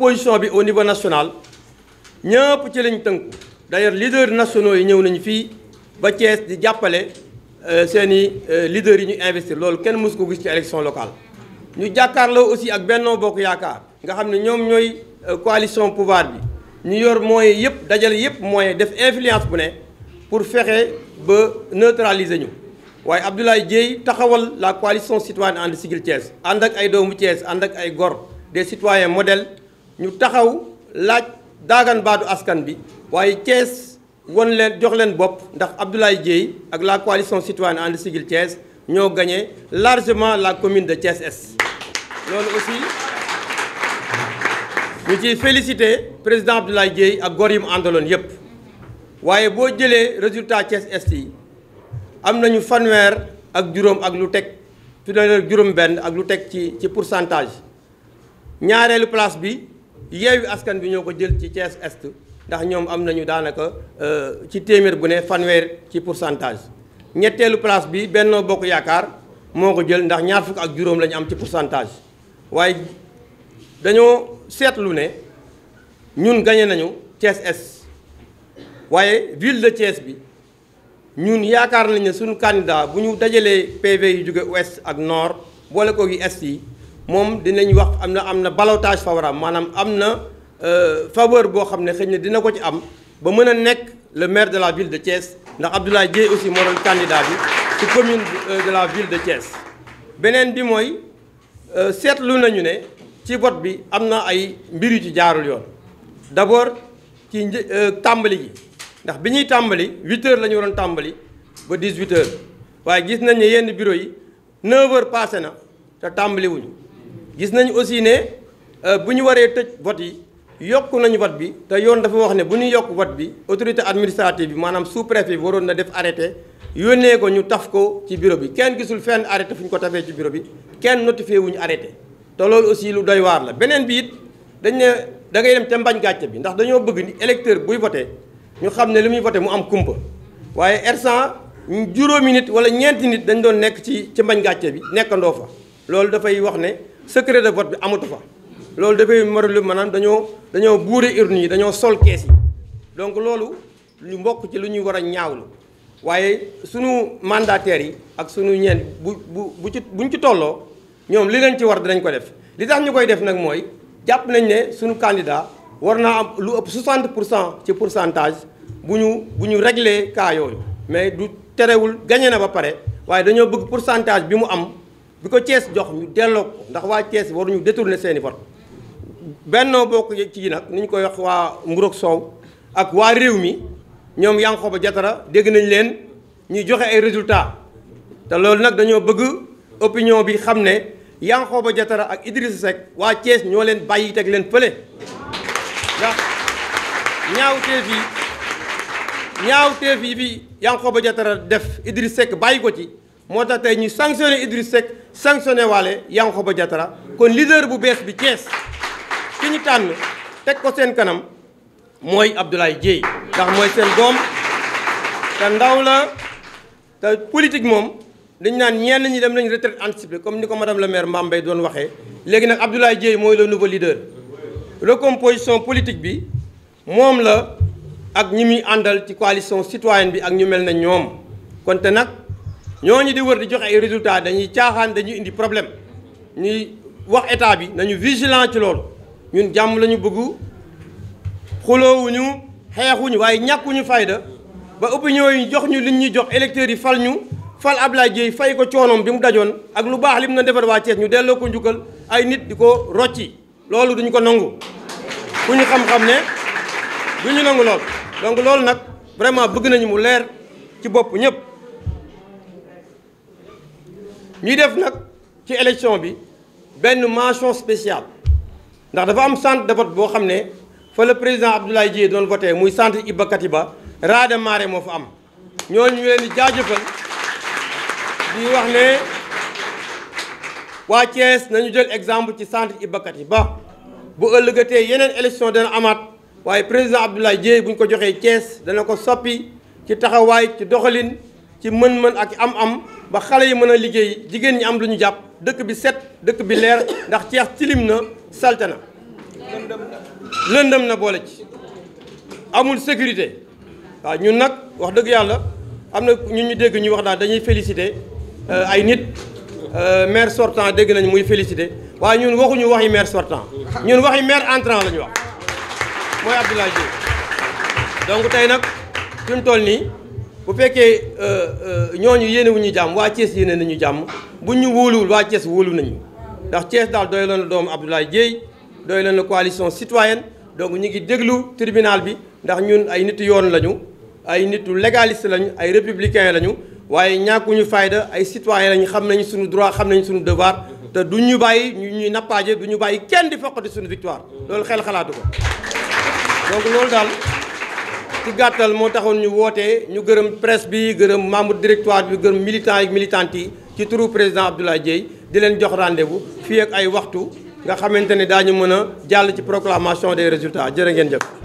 position bi au niveau nationale ñëpp ci lañ tënku d'ailleurs leaders nationaux yi ñëw nañu fii ba Thiès di jàppale euh, seeni euh, leaders yi ñu investir loolu kenn mësu ko gis ci élection locale ñu jàkkaarloo aussi ak Benno Bokk Yaakaar nga xam ne ñoom ñooy euh, coalition pouvoir bi ñu yor moyens yëpp dajale yëpp moyens def influence bu ne pour fexe ba neutraliser ñu waaye Abdoulaye Dieye taxawal la coalition citoyenne And Siggil Thiès ànd ak ay doomu Thiès ànd ak ay gor ñu taxaw laaj daagan askan bi waaye Thiès won leen jox leen bopp ndax Abdoulaye Dieye ak la coalition citoyenne And Siggil Thiès ñoo gagné largement la commune de Thiès Est loolu aussi ñu ciy félicité président Abdoulaye Dieye ak góor yi mu àndaloon yépp waaye boo jëlee résultat Thiès Est yi am nañu fanweer ak juróom ak lu teg fanweer juróom benn ak lu teg ci ci pourcentage ñaareelu place bi yeewi askan bi ñoo ko jël ci Thiès Est ndax ñoom am nañu daanaka euh, ci téeméer bu ne fanweer ci pourcentage ñetteelu place bi Benno Bokk Yaakaar moo ko jël ndax ñaar fukk ak juróom lañu am ci pourcentage waaye dañoo seetlu ne ñun gañe nañu Thiès Est waaye ville de Thiès bi ñun yaakaar nañ ne suñu candidat bu ñu dajalee PV yi jóge ouest ak nord boole ko yi est yi moom dinañ wax am na am na ballottage favorable maanaam am na euh, faveur boo xam ne xëy na dina ko ci am ba mën a nekk le maire de la ville de Thiès ndax Abdoulaye Dieye aussi moo doon bi ci commune euh, de la ville de Thiès. beneen bi mooy euh, seetlu nañu ne ci vote bi am na ay mbir yu ci jaarul yoon d'abord ci tàmbali gi ndax bi ñuy tàmbali 8 heures la ñu waroon tàmbali ba 18 heures waaye gis nañ yenn bureau yi 9 heures na te tàmbali gis nañu aussi ne euh, bu ñu waree tëj vote yi yokk nañu vote bi te yoon dafa wax ne bu ñu yokk vote bi autorité administrative bi maanaam sous préfet waroon na def arrêté yónnee ko ñu taf ko ci bureau bi kenn gisul fenn arrêté fu ñu ko tafee ci bureau bi kenn notifié wuñu arrêté te loolu aussi lu doy waar la beneen bi it dañ ne da dem te mbañ gàcce bi ndax dañoo bëgg ni électeur buy bote ñu xam ne li muy voté mu am kumpa waaye ersan juróomi nit wala ñeenti nit dañ doon nekk ci ci mbañ gàcce bi nekkandoo fa loolu dafay wax ne secret de vote bi amatu fa loolu dafay maralu maanaam dañoo dañoo buure urn yi dañoo sol kees yi donc loolu lu mbokk ci lu ñuy war a ñaawlu waaye sunu mandataires yi ak sunu ñeen bu bu bu ci buñ ci tolloo ñoom li leen ci war dinañ ko def li tax ñu koy def nag mooy jàpp nañ ne sunu candidat war naa am lu ëpp 60 pour cent ci pourcentage bu ñu bu ñu réglé cas yooyu mais du terewul gagné na ba pare waaye dañoo bëgg pourcentage bi mu am bi ko Thiès jox ñu delloo ko ndax waa Thiès waruñu détourner seen i vote Benno Bokk ci nag ni ñu koy wax waa mburoog soow ak waa réew mi ñoom Yankhoba Diattara dégg nañ leen ñuy joxe ay résultat te loolu nag dañoo bëgg opinion bi xam ne Yankhoba Diattara ak idris Seck waa Thiès ñoo leen bàyyi teg leen fële ndax ñaawteef yi ñaawteef yi bi Yankhoba jatara def Idrissa Seck bàyyi ko ci moo tax tey ñu sanctionné Idriss Seck sanctionné waale Yankhoba jatara kon leader bu bees bi Thiès ki ñu tànn teg ko seen kanam mooy Abdoulaye Dieye ndax mooy seen doom te ndaw la te politique moom dañu naan ñenn ñi dem nañu retraite anticipée comme ni ko madame le maire Mbambey doon waxee léegi nag Abdoulaye Dieye mooy le nouveau leader recomposition politique bi moom la ak ñi muy àndal ci coalition citoyenne bi ak ñu mel na ñoom kon te nag ñoo ñooñu di wër di joxe ay résultats dañuy caaxaan dañuy indi problème ñuy wax état bi nañu vigilant ci loolu ñun jàmm lañu bëgg xuloowuñu xeexuñu waaye ñàkkuñu fayda ba opinion yi jox ñu liñ ñuy jox électeurs yi fal ñu fal Ablaye Dieye fay ko coonoom bi mu dajoon ak lu baax lim na defar waa Thiès ñu delloo ko njukkal ay nit di ko rocci loolu duñu ko nangu ku ñu xam-xam ne duñu nangu lool donc loolu nag vraiment bëgg nañu mu leer ci bopp ñëpp ñuy def nag ci élection bi benn mention spéciale ndax dafa am centre de boo xam ne fa la président Abdoulaye Dièye doon voté muy centre Iba Katiba Rada Maré moo fa am ñooñu ñu leen di jaajëfal di wax ne waa Thiès nañu jël exemple ci centre Iba Katiba bu ëllëgatee yeneen élection dana amaat waaye président Abdoulaye Dièye bu ñu ko joxee Thiès dana ko soppi ci taxawaay ci doxalin ci mën-mën ak am-am ba xale yi mën a liggéey jigéen ñi am lu ñu jàpp dëkk bi set dëkk bi leer ndax ceex tilim na salte na lëndëm na boole ci amul sécurité waaw ñun nag wax dëgg yàlla am na ñun ñu dégg ñuy wax daal dañuy félicité euh, ay nit euh, maire sortant dégg nañ muy félicité waaye ñun waxuñu waxi maire sortant ñun waxi maire entrant la ñu wax mooy Abdoulaye Dièye donc tey nag fi tool nii bu fekkee euh, euh, ñooñu yéene wuñu jàmm waa Thiès yéene nañu jàmm bu ñu wóoluwul waa Thiès wóolu nañu ndax Thiès daal doy loon la doomu Abdoulaye Dieye doy loon la coalition citoyenne donc ñu ngi déglu tribunal bi ndax ñun ay nitu yoon lañu ay nitu légaliste lañu ay républicain lañu waaye ñàkkuñu fayda ay citoyen lañu xam nañu suñu droit xam nañu suñu devoir te du ñu bàyyi ñu ñuy nappaaje du ñu bàyyi kenn di foqati suñu victoire loolu xel xalaatu ko donc loolu daal ci gàttal moo taxoon ñu wootee ñu gërëm presse bi gërëm membre directoire bi gërëm militant yi militantes yi ci turu président Abdoulaye Dièye di leen jox rendez bu fii ak ay waxtu nga xamante ne daañu mën a jàll ci proclamation des résultats jërë ngeen jëf